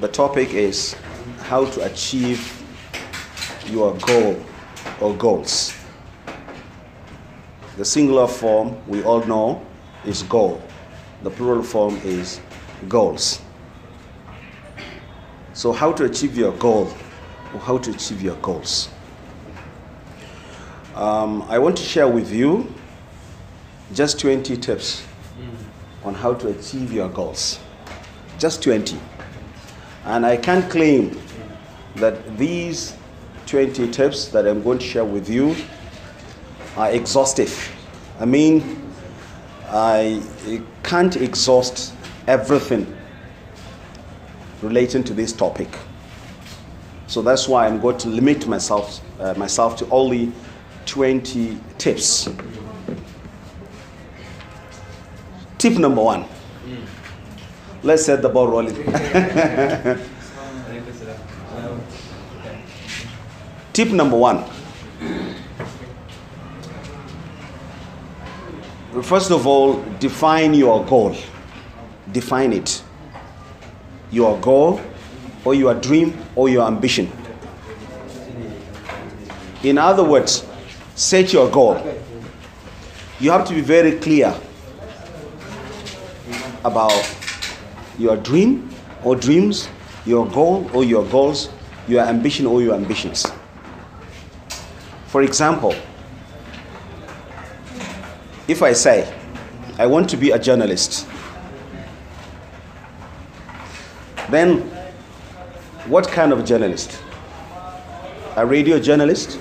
The topic is how to achieve your goal or goals. The singular form we all know is goal. The plural form is goals. So, how to achieve your goal or how to achieve your goals. Um, I want to share with you just 20 tips mm. on how to achieve your goals. Just 20. And I can claim that these 20 tips that I'm going to share with you are exhaustive. I mean, I can't exhaust everything relating to this topic. So that's why I'm going to limit myself, uh, myself to only 20 tips. Tip number one let's set the ball rolling. Tip number one. First of all, define your goal. Define it. Your goal, or your dream, or your ambition. In other words, set your goal. You have to be very clear about your dream or dreams, your goal or your goals, your ambition or your ambitions. For example, if I say, I want to be a journalist, then what kind of journalist? A radio journalist?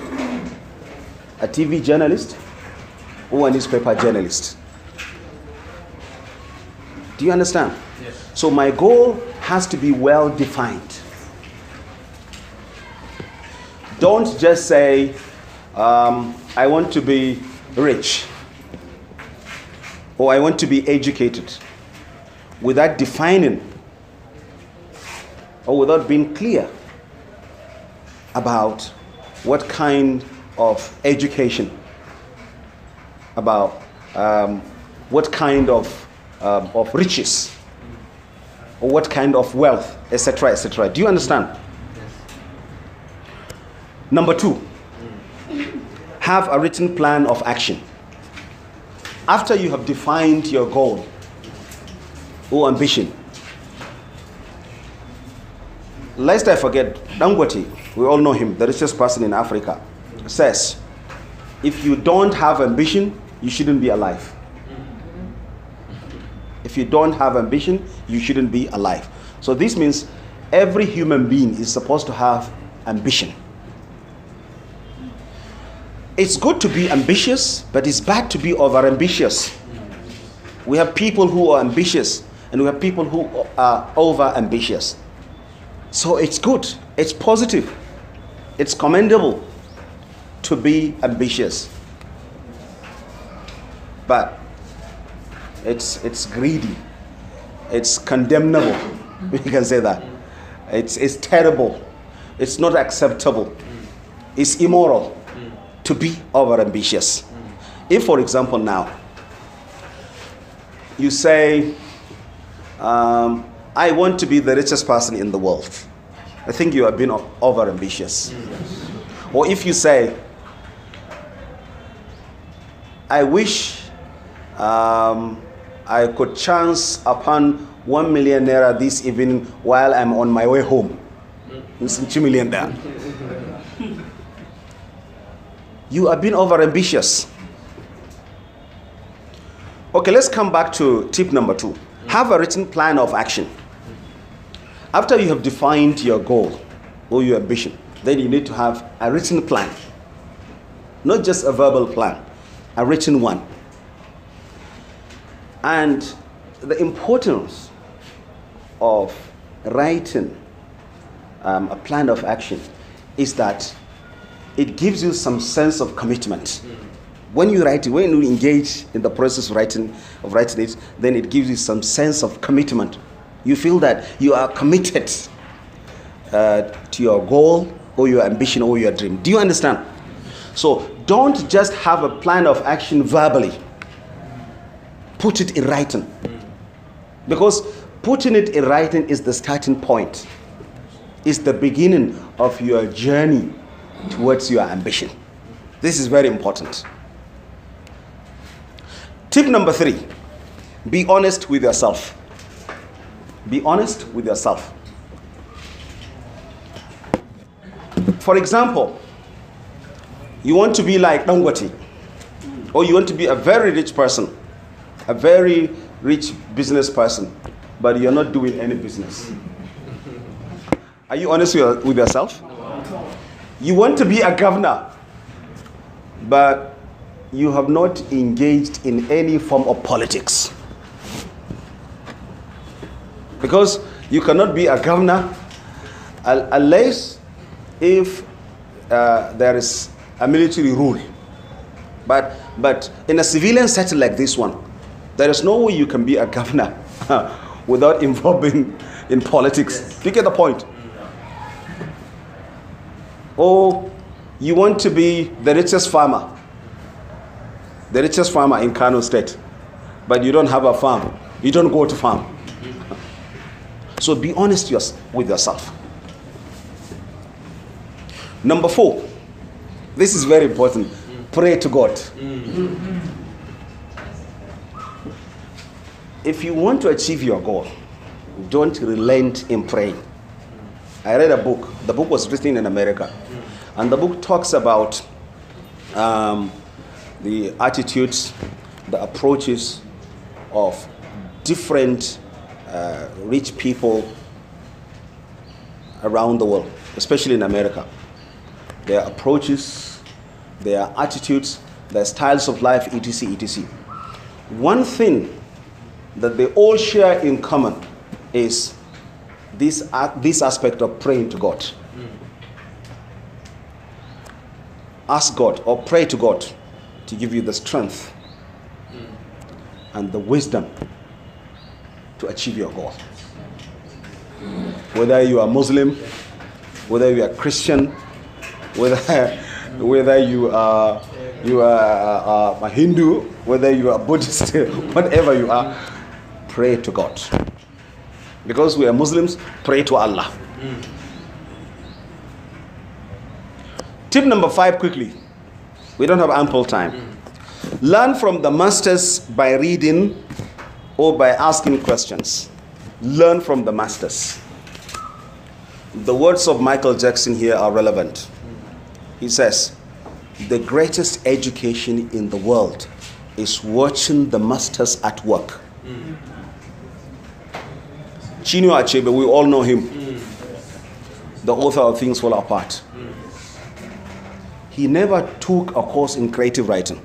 A TV journalist? Or a newspaper journalist? Do you understand? Yes. So my goal has to be well defined. Don't just say, um, I want to be rich or I want to be educated without defining or without being clear about what kind of education, about um, what kind of um, of riches or what kind of wealth, etc., etc. Do you understand? Yes. Number two, have a written plan of action. After you have defined your goal or ambition, lest I forget, Dangote, we all know him, the richest person in Africa, says, if you don't have ambition, you shouldn't be alive. If you don't have ambition, you shouldn't be alive. So this means every human being is supposed to have ambition. It's good to be ambitious, but it's bad to be over ambitious. We have people who are ambitious and we have people who are over ambitious. So it's good, it's positive, it's commendable to be ambitious. But it's, it's greedy, it's condemnable, you can say that. It's, it's terrible, it's not acceptable, it's immoral to be over ambitious. If, for example, now you say, um, I want to be the richest person in the world, I think you have been over ambitious. Or if you say, I wish um, I could chance upon one million naira this evening while I'm on my way home. two million there. You are being over ambitious. Okay, let's come back to tip number two. Have a written plan of action. After you have defined your goal or your ambition, then you need to have a written plan. Not just a verbal plan, a written one and the importance of writing um, a plan of action is that it gives you some sense of commitment. Mm. When you write, when you engage in the process of writing, of writing it, then it gives you some sense of commitment. You feel that you are committed uh, to your goal or your ambition or your dream. Do you understand? So don't just have a plan of action verbally put it in writing. Because putting it in writing is the starting point, it's the beginning of your journey towards your ambition. This is very important. Tip number three be honest with yourself. Be honest with yourself. For example, you want to be like Dongwati, or you want to be a very rich person a very rich business person, but you're not doing any business. Are you honest with yourself? You want to be a governor, but you have not engaged in any form of politics. Because you cannot be a governor unless if uh, there is a military rule. But, but in a civilian setting like this one, there is no way you can be a governor without involving in politics. Yes. You get the point? Or oh, you want to be the richest farmer, the richest farmer in Kano State, but you don't have a farm. You don't go to farm. So be honest with yourself. Number four, this is very important. Pray to God. Mm -hmm. if you want to achieve your goal, don't relent in praying. I read a book. The book was written in America, and the book talks about um, the attitudes, the approaches of different uh, rich people around the world, especially in America. Their approaches, their attitudes, their styles of life, etc., etc. One thing that they all share in common is this, this aspect of praying to God. Ask God or pray to God to give you the strength and the wisdom to achieve your goal. Whether you are Muslim, whether you are Christian, whether, whether you are, you are a Hindu, whether you are Buddhist, whatever you are pray to God. Because we are Muslims, pray to Allah. Mm. Tip number five quickly. We don't have ample time. Mm. Learn from the masters by reading or by asking questions. Learn from the masters. The words of Michael Jackson here are relevant. He says, The greatest education in the world is watching the masters at work. Mm. Chinua Achebe, we all know him. The author of Things Fall Apart. He never took a course in creative writing.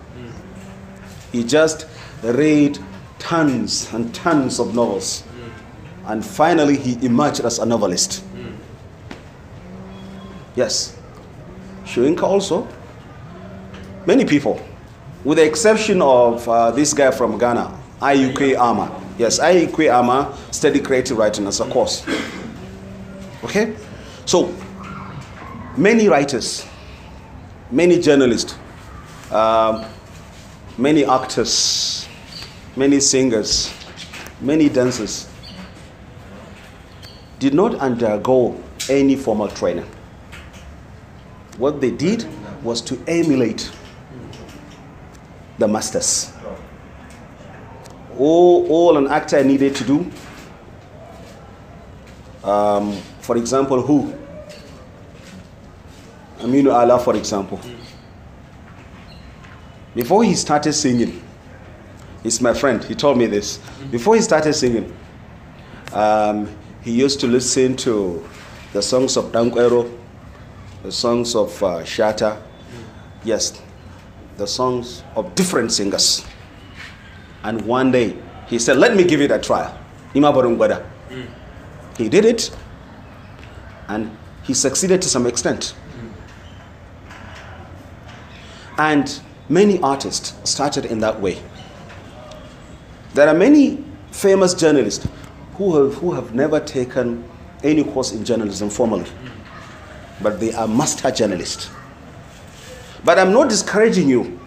He just read tons and tons of novels. And finally, he emerged as a novelist. Yes. Shuinka also. Many people, with the exception of uh, this guy from Ghana, IUK Arma Yes, I IEQ AMA, Steady Creative Writing as a course. Okay? So, many writers, many journalists, um, many actors, many singers, many dancers did not undergo any formal training. What they did was to emulate the masters all, all an actor needed to do. Um, for example, who? Aminu Allah, for example. Before he started singing, he's my friend, he told me this. Before he started singing, um, he used to listen to the songs of Dankwero, the songs of uh, Shatta, yes, the songs of different singers. And one day he said, Let me give it a trial. Mm. He did it and he succeeded to some extent. Mm. And many artists started in that way. There are many famous journalists who have, who have never taken any course in journalism formally, but they are master journalists. But I'm not discouraging you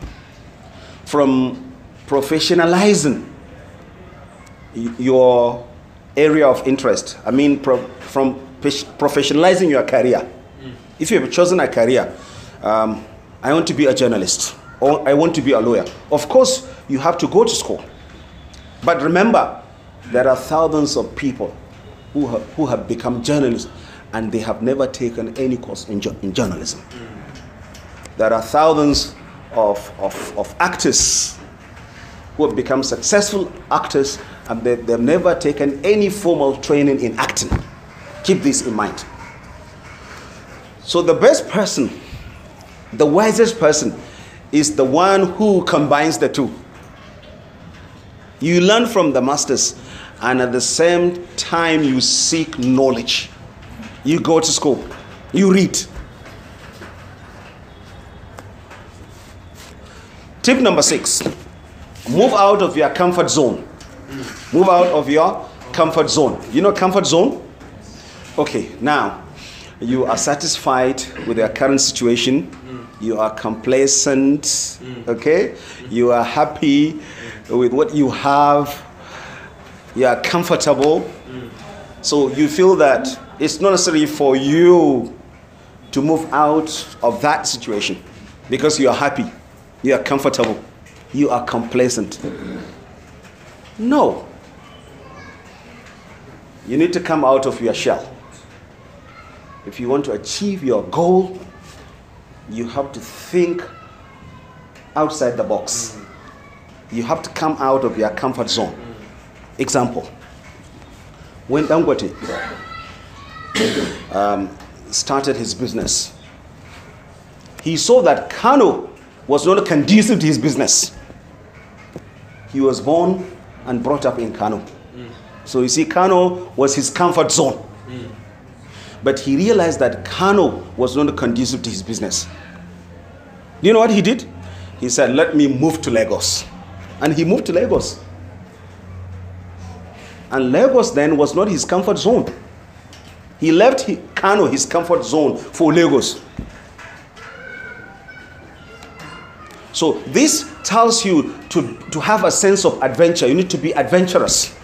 from professionalizing your area of interest. I mean, pro- from professionalizing your career. Mm. If you have chosen a career, um, I want to be a journalist or I want to be a lawyer. Of course, you have to go to school. But remember, there are thousands of people who have, who have become journalists and they have never taken any course in, in journalism. Mm. There are thousands of, of, of actors who have become successful actors and they, they've never taken any formal training in acting. Keep this in mind. So, the best person, the wisest person, is the one who combines the two. You learn from the masters, and at the same time, you seek knowledge. You go to school, you read. Tip number six. Move out of your comfort zone. Move out of your comfort zone. You know comfort zone? Okay, now you are satisfied with your current situation. You are complacent. Mm. Okay? You are happy with what you have. You are comfortable. Mm. So you feel that it's not necessary for you to move out of that situation because you are happy. You are comfortable you are complacent. No. You need to come out of your shell. If you want to achieve your goal, you have to think outside the box. You have to come out of your comfort zone. Example when Dangote um, started his business, he saw that Kano was not conducive to his business. He was born and brought up in Kano. Mm. So you see, Kano was his comfort zone. Mm. But he realized that Kano was not conducive to his business. Do You know what he did? He said, Let me move to Lagos. And he moved to Lagos. And Lagos then was not his comfort zone. He left Kano, his comfort zone, for Lagos. So this tells you to, to have a sense of adventure. You need to be adventurous.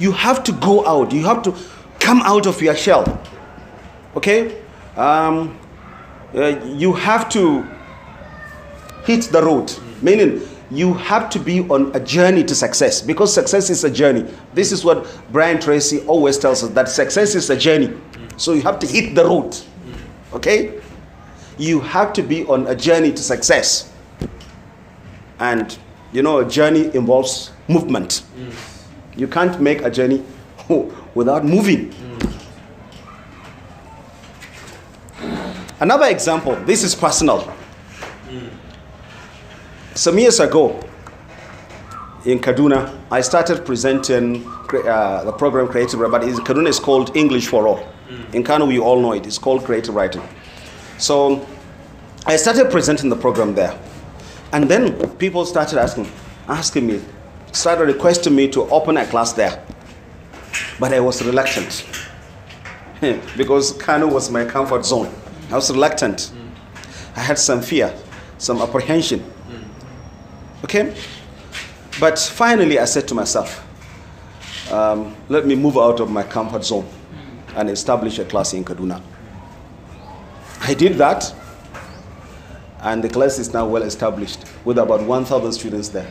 You have to go out. You have to come out of your shell. Okay? Um, uh, you have to hit the road. Meaning, you have to be on a journey to success because success is a journey. This is what Brian Tracy always tells us that success is a journey. So you have to hit the road. Okay? you have to be on a journey to success. And you know, a journey involves movement. Mm. You can't make a journey without moving. Mm. Another example, this is personal. Mm. Some years ago in Kaduna, I started presenting uh, the program Creative Writing. But in Kaduna, it's called English for All. In Kano, we all know it. It's called Creative Writing. So I started presenting the program there. And then people started asking, asking me, started requesting me to open a class there. But I was reluctant because Kano was my comfort zone. I was reluctant. I had some fear, some apprehension. Okay? But finally, I said to myself, um, let me move out of my comfort zone and establish a class in Kaduna. I did that, and the class is now well established with about 1,000 students there.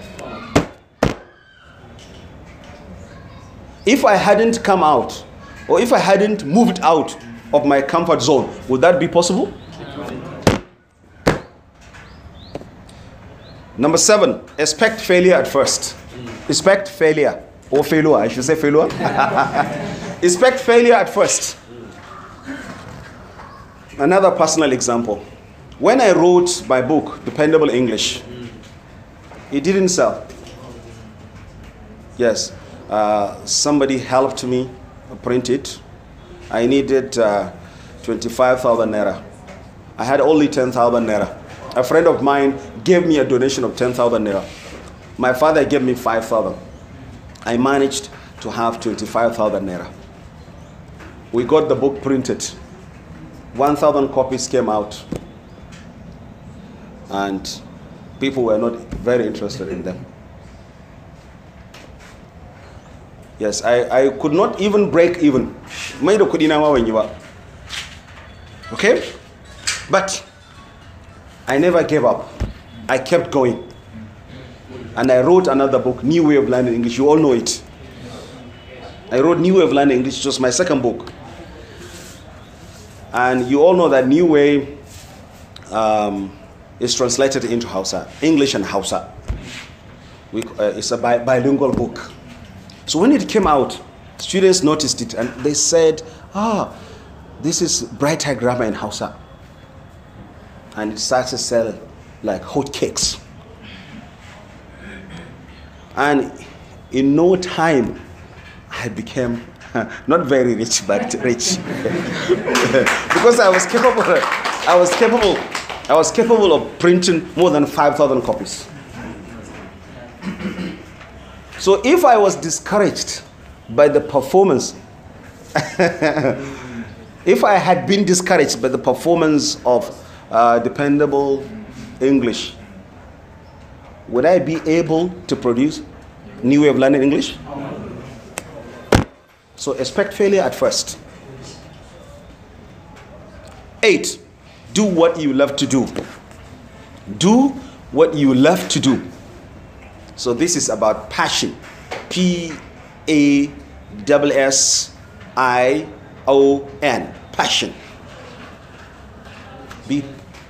If I hadn't come out, or if I hadn't moved out of my comfort zone, would that be possible? Number seven, expect failure at first. Expect failure, or failure, I should say failure. expect failure at first. Another personal example. When I wrote my book, Dependable English, it didn't sell. Yes, uh, somebody helped me print it. I needed uh, 25,000 naira. I had only 10,000 naira. A friend of mine gave me a donation of 10,000 naira. My father gave me 5,000. I managed to have 25,000 naira. We got the book printed. 1,000 copies came out, and people were not very interested in them. Yes, I, I could not even break even. na Okay? But I never gave up. I kept going. And I wrote another book, New Way of Learning English. You all know it. I wrote New Way of Learning English, which was my second book. And you all know that New Way um, is translated into Hausa, English and Hausa. We, uh, it's a bi- bilingual book. So when it came out, students noticed it and they said, ah, this is brighter grammar in Hausa. And it starts to sell like hotcakes. And in no time, I became Not very rich, but rich. because I was capable, I was capable, I was capable of printing more than 5,000 copies. So if I was discouraged by the performance, if I had been discouraged by the performance of uh, dependable English, would I be able to produce New Way of Learning English? So expect failure at first. Eight, do what you love to do. Do what you love to do. So this is about passion. P A S I O N. Passion. Be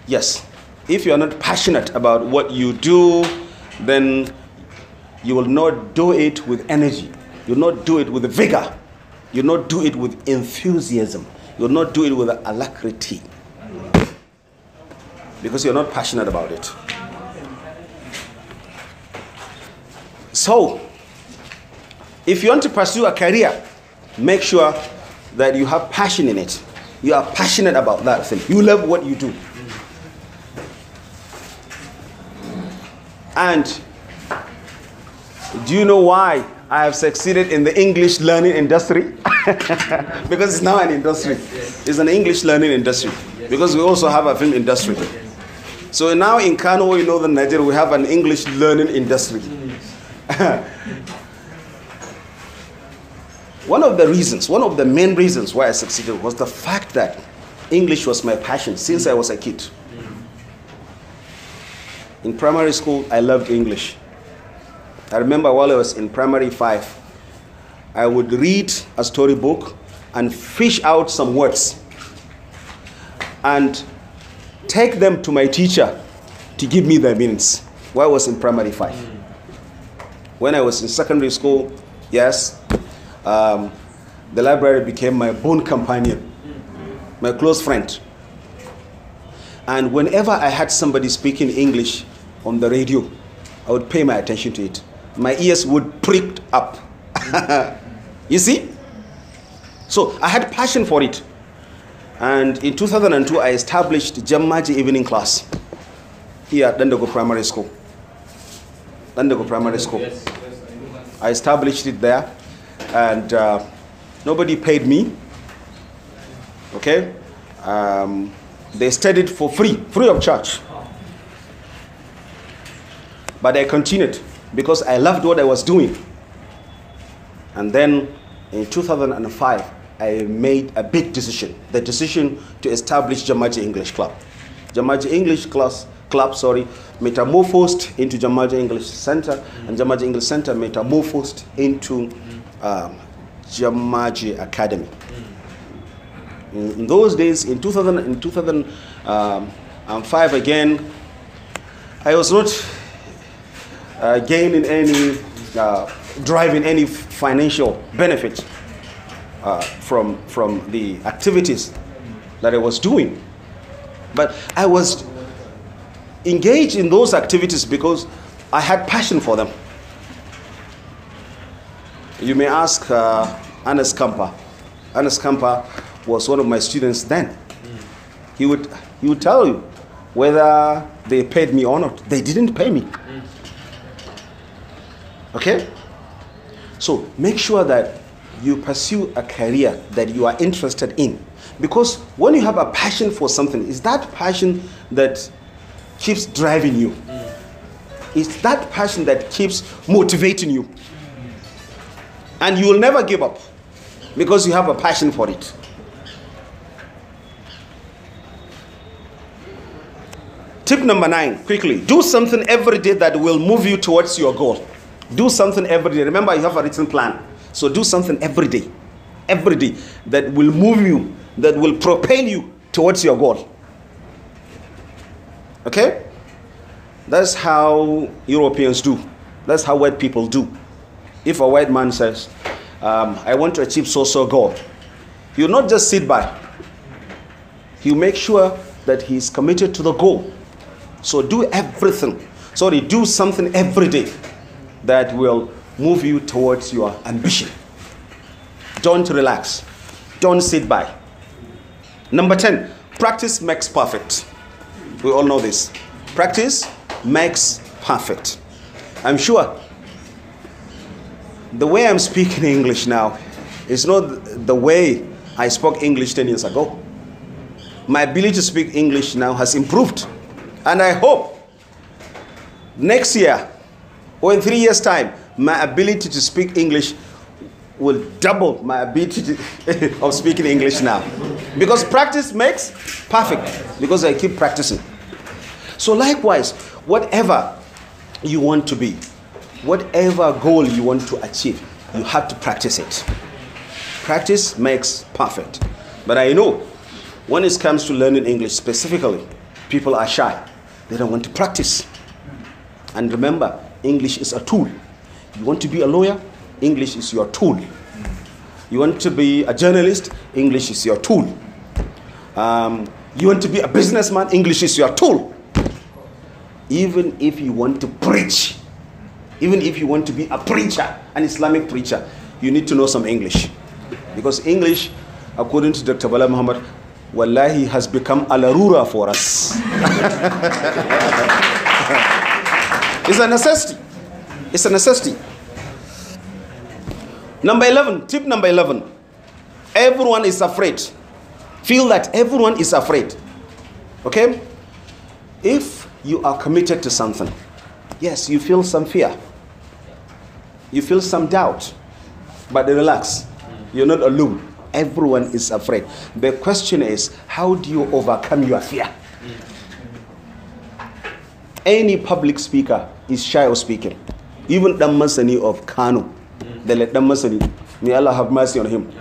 yes. If you are not passionate about what you do, then you will not do it with energy. You will not do it with vigor. You not do it with enthusiasm. You not do it with alacrity. Because you're not passionate about it. So, if you want to pursue a career, make sure that you have passion in it. You are passionate about that thing. You love what you do. And do you know why I have succeeded in the English learning industry? because it's now an industry. It's an English learning industry because we also have a film industry. So now in Kano, you know, the Nigeria, we have an English learning industry. one of the reasons, one of the main reasons why I succeeded was the fact that English was my passion since I was a kid. In primary school, I loved English. I remember while I was in primary five, I would read a storybook and fish out some words and take them to my teacher to give me their meanings. When I was in primary five. When I was in secondary school, yes, um, the library became my boon companion, my close friend. And whenever I had somebody speaking English on the radio, I would pay my attention to it. My ears would prick up. You see? So I had passion for it. And in 2002, I established Jammaji Evening Class here at Dandago Primary School. Dandago Primary School. I, I established it there, and uh, nobody paid me. Okay? Um, they studied for free, free of charge. But I continued because I loved what I was doing. And then in 2005, I made a big decision, the decision to establish Jamaji English Club. Jamaji English class, Club sorry, metamorphosed into Jamaji English Center, and Jamaji English Center metamorphosed into um, Jamaji Academy. In, in, those days, in 2000, in 2005 um, again, I was not uh, gaining any uh, driving any financial benefits uh, from, from the activities that I was doing. But I was engaged in those activities because I had passion for them. You may ask uh, Anas Kampa. Anas Kampa was one of my students then. He would, he would tell you whether they paid me or not. They didn't pay me. Okay? So make sure that you pursue a career that you are interested in. Because when you have a passion for something, it's that passion that keeps driving you. It's that passion that keeps motivating you. And you will never give up because you have a passion for it. Tip number nine, quickly do something every day that will move you towards your goal. Do something every day. Remember, you have a written plan. So do something every day, every day that will move you, that will propel you towards your goal. Okay? That's how Europeans do. That's how white people do. If a white man says, um, I want to achieve so so goal, you not just sit by, you make sure that he is committed to the goal. So do everything. Sorry, do something every day that will move you towards your ambition. Don't relax. Don't sit by. Number 10, practice makes perfect. We all know this. Practice makes perfect. I'm sure the way I'm speaking English now is not the way I spoke English 10 years ago. My ability to speak English now has improved. And I hope next year or in three years' time, my ability to speak English will double my ability to, of speaking English now. Because practice makes perfect, because I keep practicing. So, likewise, whatever you want to be, whatever goal you want to achieve, you have to practice it. Practice makes perfect. But I know when it comes to learning English specifically, people are shy. They don't want to practice. And remember, English is a tool. You want to be a lawyer? English is your tool. You want to be a journalist? English is your tool. Um, you want to be a businessman? English is your tool. Even if you want to preach, even if you want to be a preacher, an Islamic preacher, you need to know some English. Because English, according to Dr. Bala Muhammad, wallahi has become a larura for us. It's a necessity. It's a necessity. Number 11, tip number 11. Everyone is afraid. Feel that everyone is afraid. Okay? If you are committed to something, yes, you feel some fear, you feel some doubt, but relax. You're not alone. Everyone is afraid. The question is, how do you overcome your fear? any public speaker is shy of speaking. Even the Masani of Kano, the late Dan may Allah have mercy on him,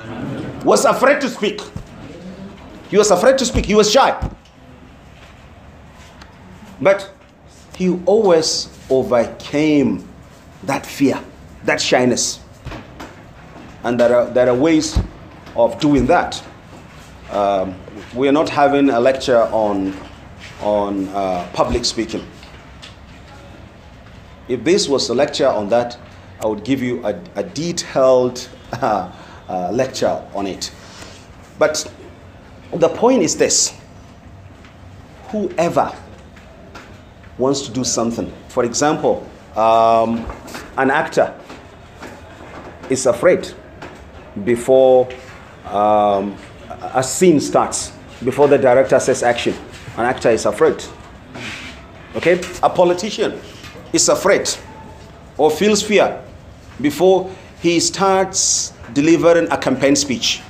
was afraid to speak. He was afraid to speak. He was shy. But he always overcame that fear, that shyness. And there are, there are ways of doing that. Um, we are not having a lecture on, on uh, public speaking. If this was a lecture on that, I would give you a, a detailed uh, uh, lecture on it. But the point is this whoever wants to do something, for example, um, an actor is afraid before um, a scene starts, before the director says action. An actor is afraid. Okay? A politician is afraid or feels fear before he starts delivering a campaign speech.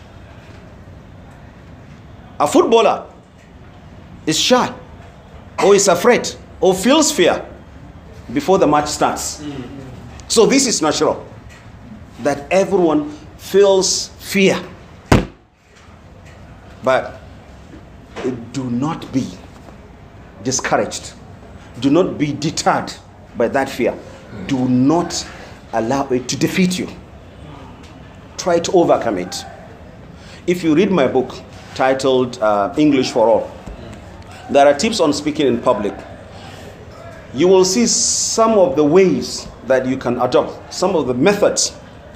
A footballer is shy or is afraid or feels fear before the match starts. So this is natural that everyone feels fear. But do not be discouraged. Do not be deterred by that fear. Do not allow it to defeat you. Try to overcome it. If you read my book titled uh, English for All, there are tips on speaking in public. You will see some of the ways that you can adopt, some of the methods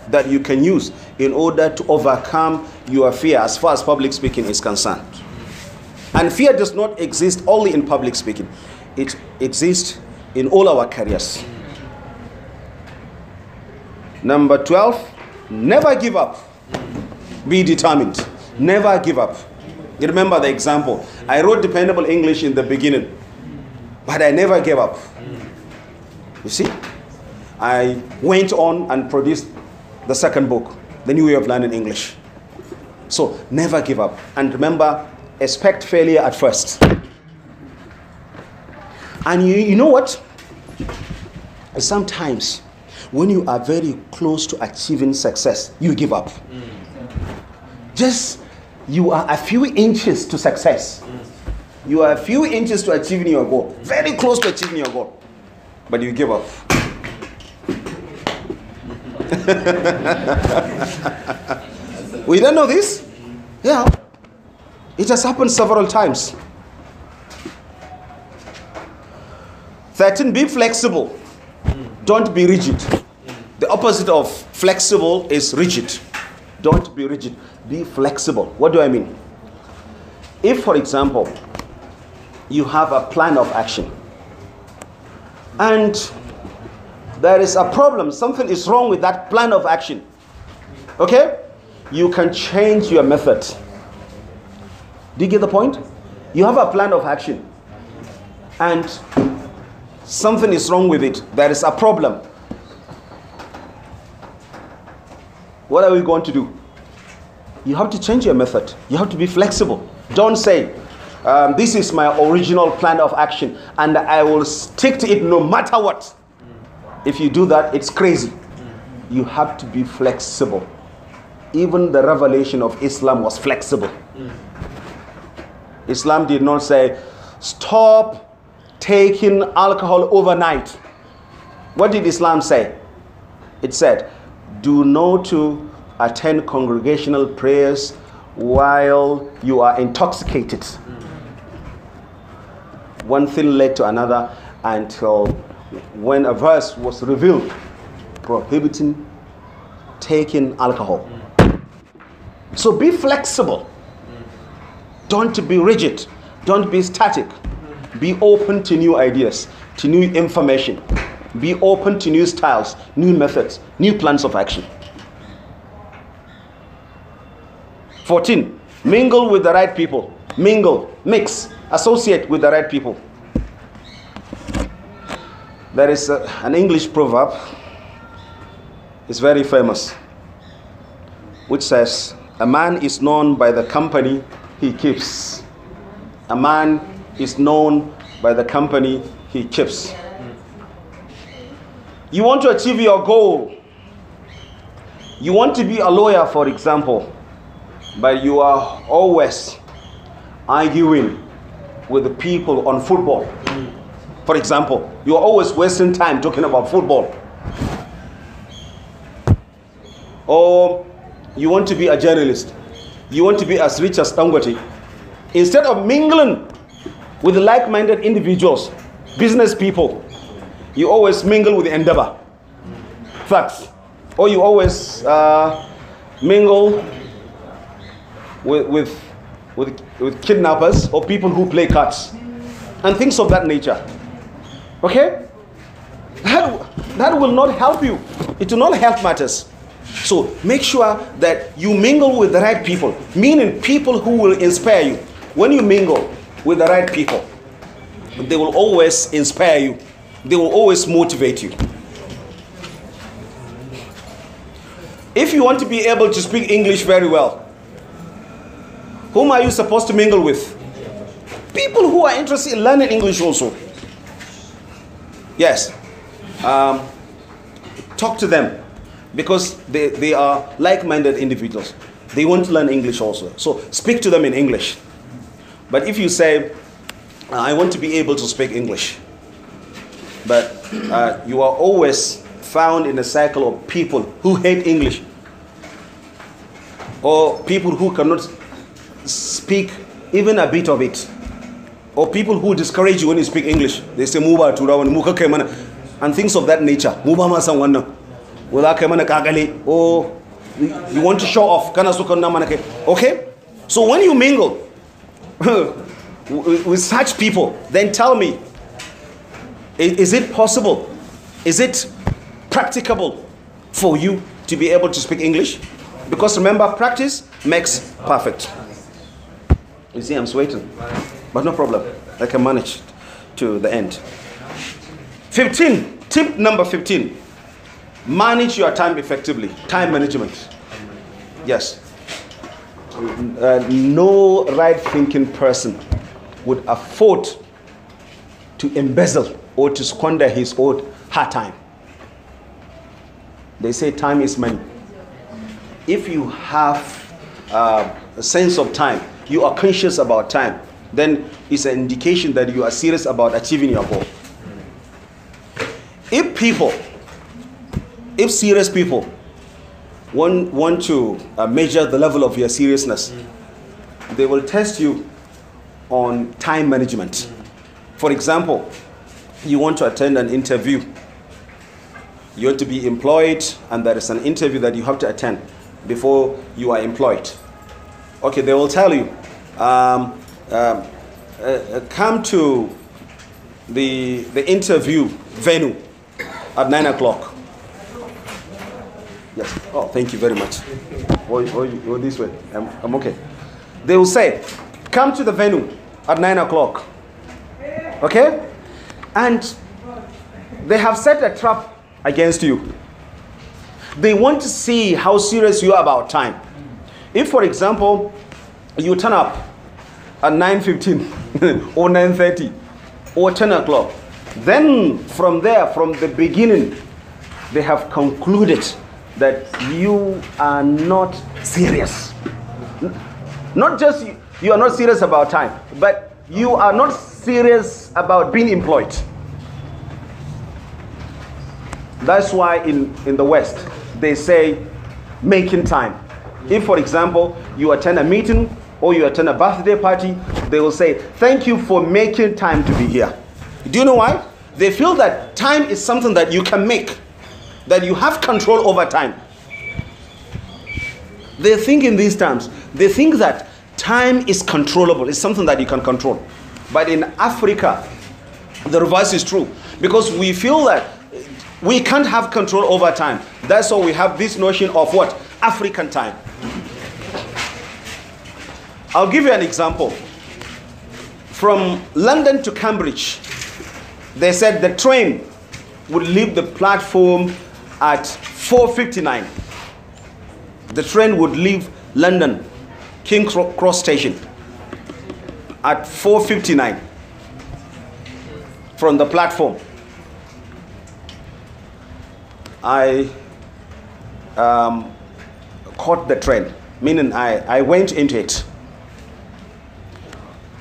that you can use in order to overcome your fear as far as public speaking is concerned. And fear does not exist only in public speaking, it exists in all our careers. Number 12, never give up. Be determined. Never give up. You remember the example. I wrote dependable English in the beginning, but I never gave up. You see? I went on and produced the second book, The New Way of Learning English. So never give up. And remember, expect failure at first. And you, you know what? And sometimes, when you are very close to achieving success, you give up. Just you are a few inches to success. You are a few inches to achieving your goal, very close to achieving your goal, but you give up. we don't know this? Yeah. It has happened several times. 13, be flexible. Don't be rigid. The opposite of flexible is rigid. Don't be rigid. Be flexible. What do I mean? If, for example, you have a plan of action and there is a problem, something is wrong with that plan of action, okay? You can change your method. Do you get the point? You have a plan of action and Something is wrong with it. There is a problem. What are we going to do? You have to change your method. You have to be flexible. Don't say, um, This is my original plan of action and I will stick to it no matter what. If you do that, it's crazy. You have to be flexible. Even the revelation of Islam was flexible. Islam did not say, Stop taking alcohol overnight. What did Islam say? It said, do not to attend congregational prayers while you are intoxicated. One thing led to another until when a verse was revealed prohibiting taking alcohol. So be flexible. Don't be rigid. Don't be static. Be open to new ideas, to new information. Be open to new styles, new methods, new plans of action. 14. Mingle with the right people. Mingle, mix, associate with the right people. There is a, uh, an English proverb, it's very famous, which says, A man is known by the company he keeps. A man is known by the company he keeps. You want to achieve your goal. You want to be a lawyer, for example, but you are always arguing with the people on football. For example, you are always wasting time talking about football. Or you want to be a journalist. You want to be as rich as Dangote. Instead of mingling with like-minded individuals, business people. You always mingle with endeavor. Facts. Or you always uh, mingle with, with, with, with kidnappers or people who play cards and things of that nature. Okay? That, that will not help you. It will not help matters. So make sure that you mingle with the right people, meaning people who will inspire you. When you mingle, with the right people. They will always inspire you. They will always motivate you. If you want to be able to speak English very well, whom are you supposed to mingle with? People who are interested in learning English also. Yes. Um, talk to them because they, they are like minded individuals. They want to learn English also. So speak to them in English. But if you say, I want to be able to speak English, but uh, you are always found in a cycle of people who hate English or people who cannot speak even a bit of it or people who discourage you when you speak English. They say, Muba turawan, muka kai and things of that nature. Muba ma wala kai mana or oh, you want to show off, kana so kana mana kai. Okay? So when you mingle, with such people, then tell me is it possible? Is it practicable for you to be able to speak English? Because remember, practice makes perfect. You see, I'm sweating, but no problem. I can manage to the end. 15. Tip number 15 manage your time effectively. Time management. Yes uh, no right thinking person would afford to embezzle or to squander his own hard time. They say time is money. If you have uh, a sense of time, you are conscious about time, then it's an indication that you are serious about achieving your goal. If people, if serious people one want to uh, measure the level of your seriousness, mm. they will test you on time management. Mm. For example, you want to attend an interview. You want to be employed, and there is an interview that you have to attend before you are employed. Okay, they will tell you, um, um, uh, uh come to the, the interview venue at 9 o'clock Yes. Oh, thank you very much. this way. I'm, I'm okay. They will say, come to the venue at 9 o'clock. Okay? And they have set a trap against you. They want to see how serious you are about time. If, for example, you turn up at 9.15 or 9.30 or 10 o'clock, then from there, from the beginning, they have concluded that you are not serious. Not just you are not serious about time, but you are not serious about being employed. That's why in, in the West they say making time. If, for example, you attend a meeting or you attend a birthday party, they will say, Thank you for making time to be here. Do you know why? They feel that time is something that you can make that you have control over time. They think in these terms. They think that time is controllable, it's something that you can control. But in Africa, the reverse is true because we feel that we can't have control over time. That's why we have this notion of what? African time. I'll give you an example. From London to Cambridge, they said the train would leave the platform at 4.59, the train would leave London King Cross Station at 4.59 from the platform. I um, caught the train, meaning I, I went into it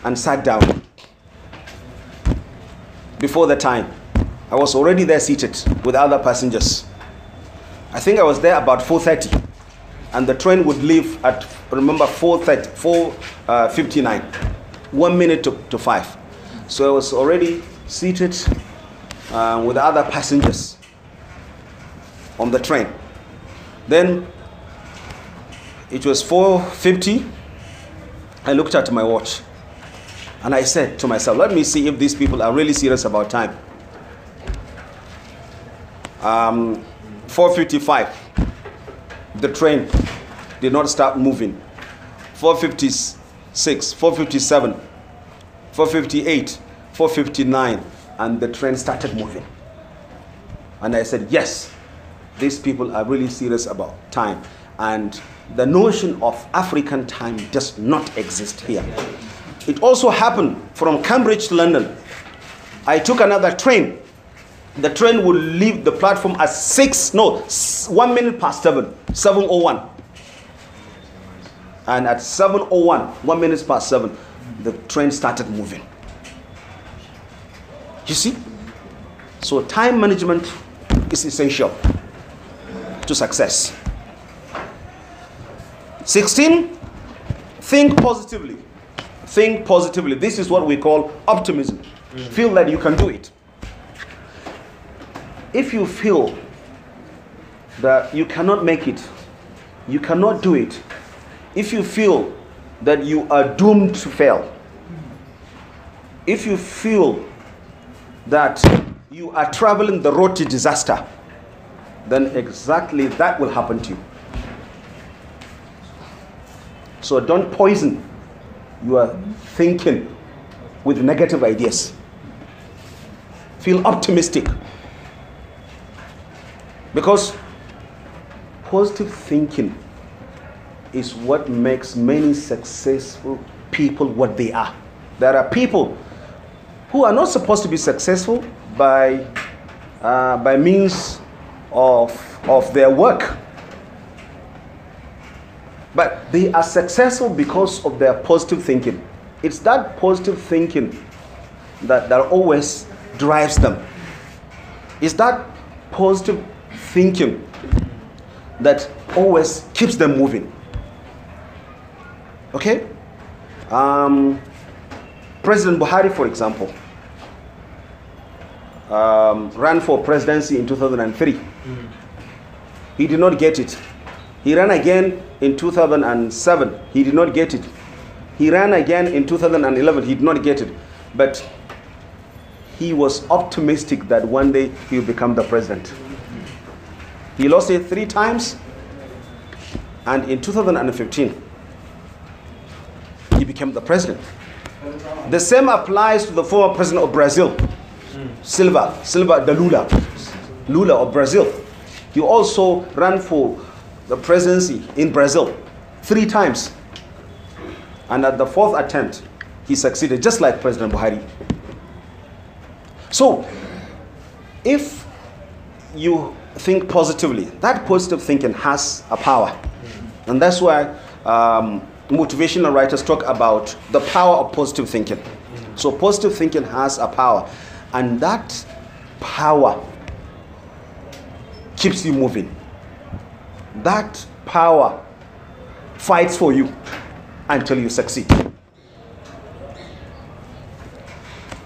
and sat down before the time. I was already there seated with other passengers. I think I was there about 4.30 and the train would leave at, remember, 4.59, uh, one minute to, to five. So I was already seated uh, with other passengers on the train. Then it was 4.50. I looked at my watch and I said to myself, let me see if these people are really serious about time. Um, 455, the train did not start moving. 456, 457, 458, 459, and the train started moving. And I said, yes, these people are really serious about time. And the notion of African time does not exist here. It also happened from Cambridge to London. I took another train the train will leave the platform at 6, no, 1 minute past 7, 7.01. And at 7.01, 1 minute past 7, the train started moving. You see? So time management is essential to success. 16, think positively. Think positively. This is what we call optimism. Mm -hmm. Feel that you can do it if you feel that you cannot make it, you cannot do it, if you feel that you are doomed to fail, if you feel that you are traveling the road to disaster, then exactly that will happen to you. So don't poison your thinking with negative ideas. Feel optimistic. Because positive thinking is what makes many successful people what they are. There are people who are not supposed to be successful by, uh, by means of, of their work. But they are successful because of their positive thinking. It's that positive thinking that, that always drives them. Is that positive thinking that always keeps them moving. Okay? Um, President Buhari, for example, um, ran for presidency in 2003. Mm. He did not get it. He ran again in 2007. He did not get it. He ran again in 2011. He did not get it. But he was optimistic that one day he will become the president. He lost it three times. And in 2015, he became the president. The same applies to the former president of Brazil, Silva, Silva de Lula, Lula of Brazil. He also ran for the presidency in Brazil three times. And at the fourth attempt, he succeeded, just like President Buhari. So, if you think positively. That positive thinking has a power. And that's why um, motivational writers talk about the power of positive thinking. So, positive thinking has a power. And that power keeps you moving. That power fights for you until you succeed.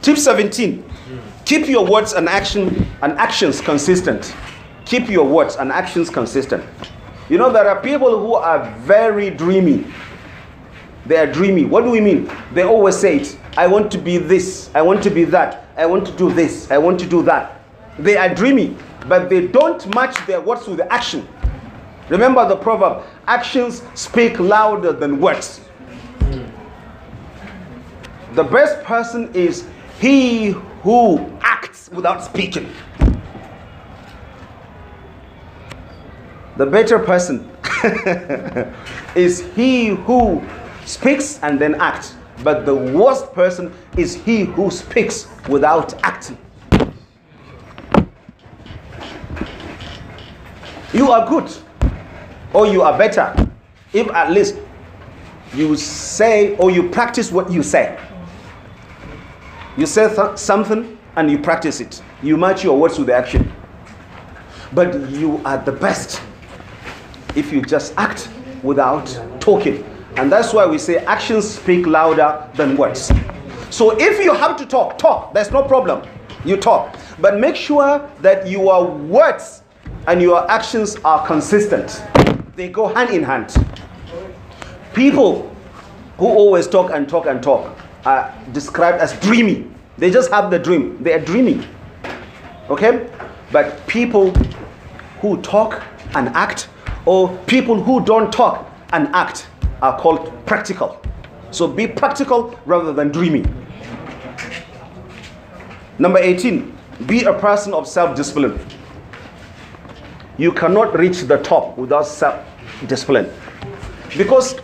Tip 17 keep your words and, action, and actions consistent keep your words and actions consistent. You know, there are people who are very dreamy. They are dreamy. What do we mean? They always say it I want to be this, I want to be that, I want to do this, I want to do that. They are dreamy, but they don't match their words with the action. Remember the proverb actions speak louder than words. The best person is he who acts without speaking. The better person is he who speaks and then acts. But the worst person is he who speaks without acting. You are good or you are better if at least you say or you practice what you say. You say something and you practice it. You match your words with the action. But you are the best if you just act without talking. And that's why we say actions speak louder than words. So if you have to talk, talk. There's no problem. You talk. But make sure that your words and your actions are consistent, they go hand in hand. People who always talk and talk and talk are described as dreamy. They just have the dream, they are dreaming. Okay? But people who talk and act or people who don't talk and act are called practical. So be practical rather than dreamy. Number 18, be a person of self discipline. You cannot reach the top without self discipline. Because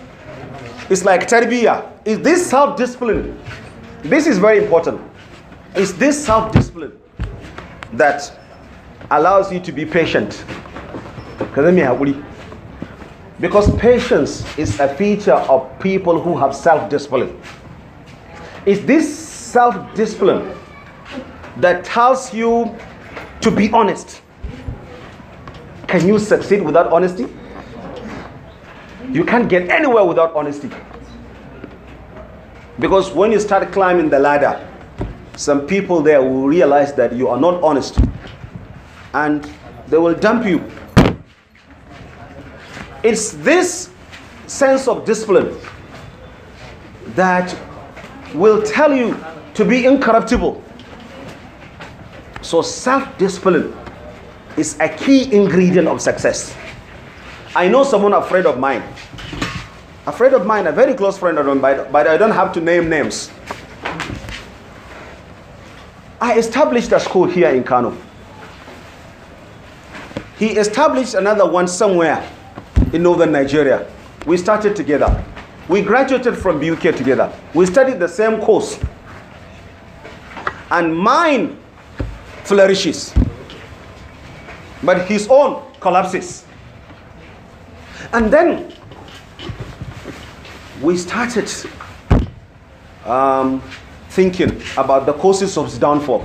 it's like tarbiyah. Is this self discipline? This is very important. It's this self discipline that allows you to be patient. Because because patience is a feature of people who have self discipline. It's this self discipline that tells you to be honest. Can you succeed without honesty? You can't get anywhere without honesty. Because when you start climbing the ladder, some people there will realize that you are not honest and they will dump you it's this sense of discipline that will tell you to be incorruptible. So, self discipline is a key ingredient of success. I know someone friend of mine. friend of mine, a very close friend of mine, but I don't have to name names. I established a school here in Kano. He established another one somewhere in northern Nigeria. We started together. We graduated from BUK together. We studied the same course. And mine flourishes, but his own collapses. And then we started um, thinking about the causes of his downfall.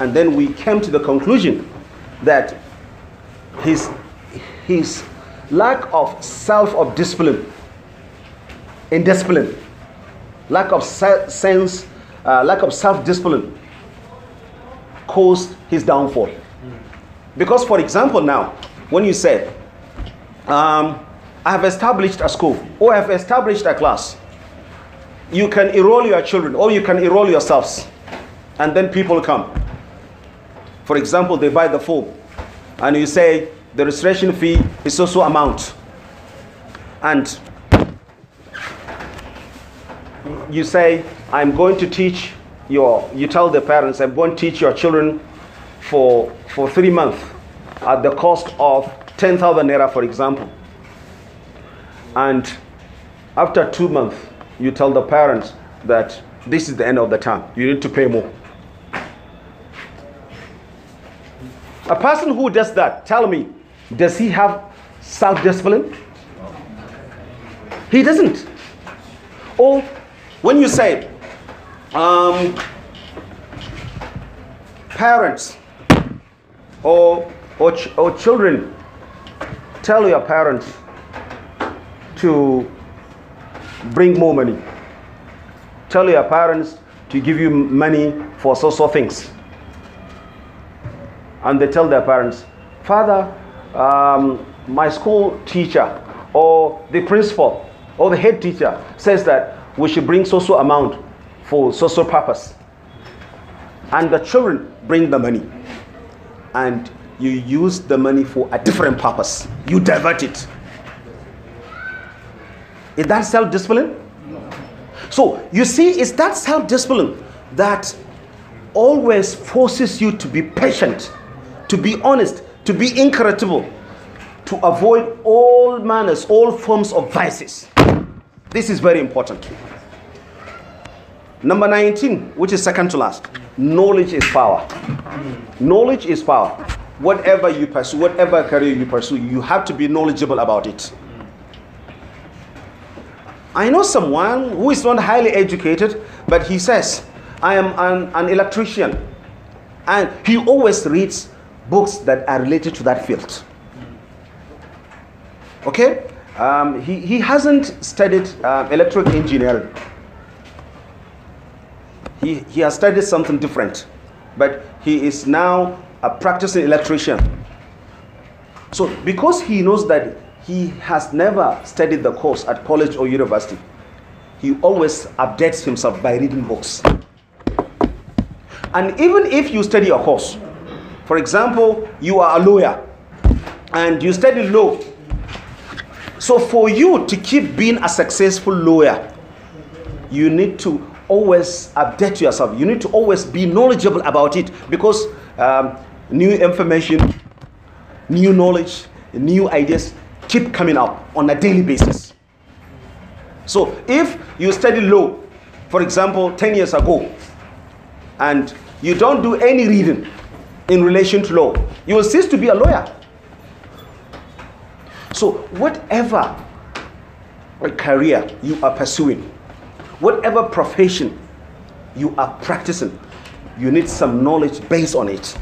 And then we came to the conclusion that his, his lack of self of discipline in discipline lack of se- sense uh, lack of self discipline caused his downfall because for example now when you said um, i have established a school or i have established a class you can enroll your children or you can enroll yourselves and then people come for example they buy the form and you say the registration fee it's also amount. And you say, I'm going to teach your, you tell the parents, I'm going to teach your children for, for three months at the cost of 10,000 naira, for example. And after two months, you tell the parents that this is the end of the term. You need to pay more. A person who does that, tell me, does he have self discipline? He doesn't. Or when you say, um, parents or, or, ch or children, tell your parents to bring more money. Tell your parents to give you money for so so things. And they tell their parents, Father, um, my school teacher or the principal or the head teacher says that we should bring social amount for social purpose and the children bring the money and you use the money for a different purpose you divert it is that self-discipline so you see it's that self-discipline that always forces you to be patient to be honest to be incorrigible to avoid all manners, all forms of vices. This is very important. Number 19, which is second to last, knowledge is power. Knowledge is power. Whatever you pursue, whatever career you pursue, you have to be knowledgeable about it. I know someone who is not highly educated, but he says, I am an, an electrician. And he always reads books that are related to that field. Okay? Um, he, he hasn't studied uh, um, electric engineering. He, he has studied something different, but he is now a practicing electrician. So, because he knows that he has never studied the course at college or university, he always updates himself by reading books. And even if you study a course, for example, you are a lawyer and you study law so for you to keep being a successful lawyer, you need to always update yourself. You need to always be knowledgeable about it because um, new information, new knowledge, new ideas keep coming up on a daily basis. So if you study law, for example, 10 years ago, and you don't do any reading in relation to law, you will cease to be a lawyer so, whatever career you are pursuing, whatever profession you are practicing, you need some knowledge based on it.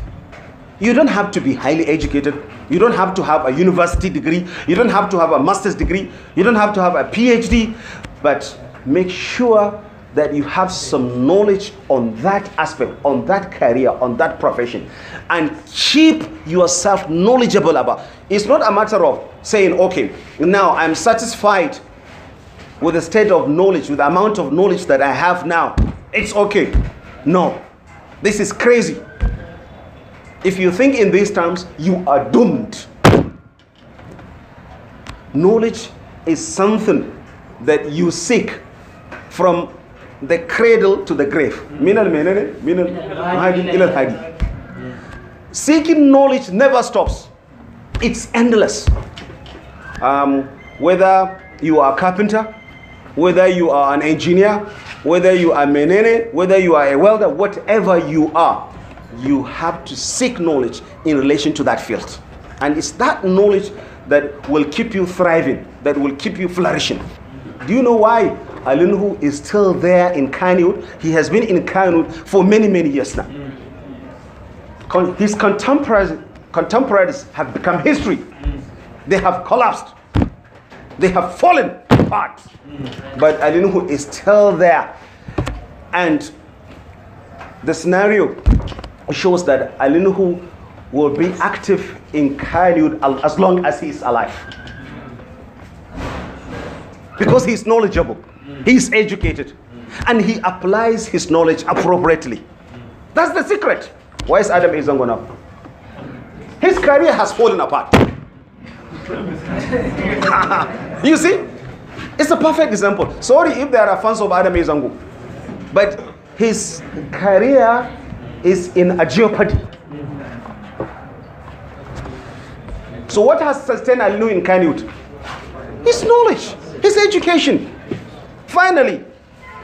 You don't have to be highly educated. You don't have to have a university degree. You don't have to have a master's degree. You don't have to have a PhD. But make sure that you have some knowledge on that aspect, on that career, on that profession, and keep yourself knowledgeable about. It's not a matter of saying, okay, now I'm satisfied with the state of knowledge, with the amount of knowledge that I have now. It's okay. No, this is crazy. If you think in these terms, you are doomed. Knowledge is something that you seek from the cradle to the grave. menene? Seeking knowledge never stops. It's endless. Um, whether you are a carpenter, whether you are an engineer, whether you are menene, whether you are a welder, whatever you are, you have to seek knowledge in relation to that field. And it's that knowledge that will keep you thriving, that will keep you flourishing. Do you know why Alunhu is still there in Kanyud. He has been in Kanyud for many, many years now. Con his contemporaries, contemporaries have become history. They have collapsed. They have fallen apart. But Alunhu is still there. And the scenario shows that Alunhu will be active in Kanyud as long as he is alive because he's knowledgeable. He's educated. And he applies his knowledge appropriately. That's the secret. Why is Adam Izango up? His career has fallen apart. you see? It's a perfect example. Sorry if there are fans of Adam Izango. But his career is in a jeopardy. So what has sustained Alinu in Kanyut? His knowledge, his education. Finally,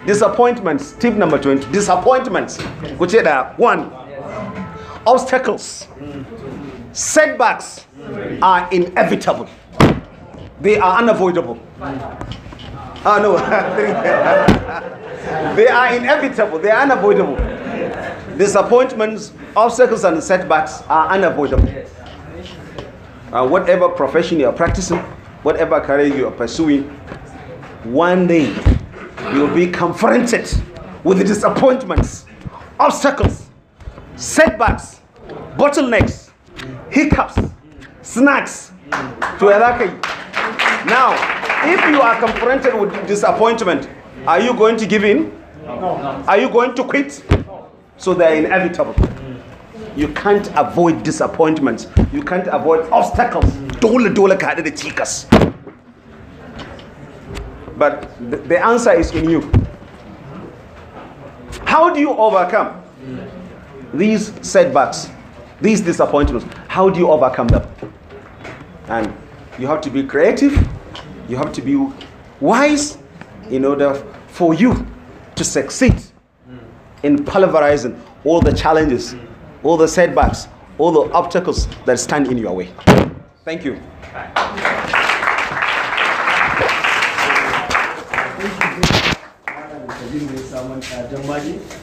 disappointments. Tip number 20 disappointments. What is daya. One, obstacles, setbacks are inevitable, they are unavoidable. Oh, no. they are inevitable, they are unavoidable. Disappointments, obstacles, and setbacks are unavoidable. Uh, whatever profession you are practicing, whatever career you are pursuing, one day you will be confronted with disappointments, obstacles, setbacks, bottlenecks, hiccups, snacks. To Now, if you are confronted with disappointment, are you going to give in? Are you going to quit? So they are inevitable. You can't avoid disappointments. You can't avoid obstacles. Dole dole ka da cikas. But the, the answer is in you. How do you overcome these setbacks, these disappointments? How do you overcome them? And you have to be creative, you have to be wise in order for you to succeed in pulverizing all the challenges, all the setbacks, all the obstacles that stand in your way. Thank you. team is Aman uh, Jambaki.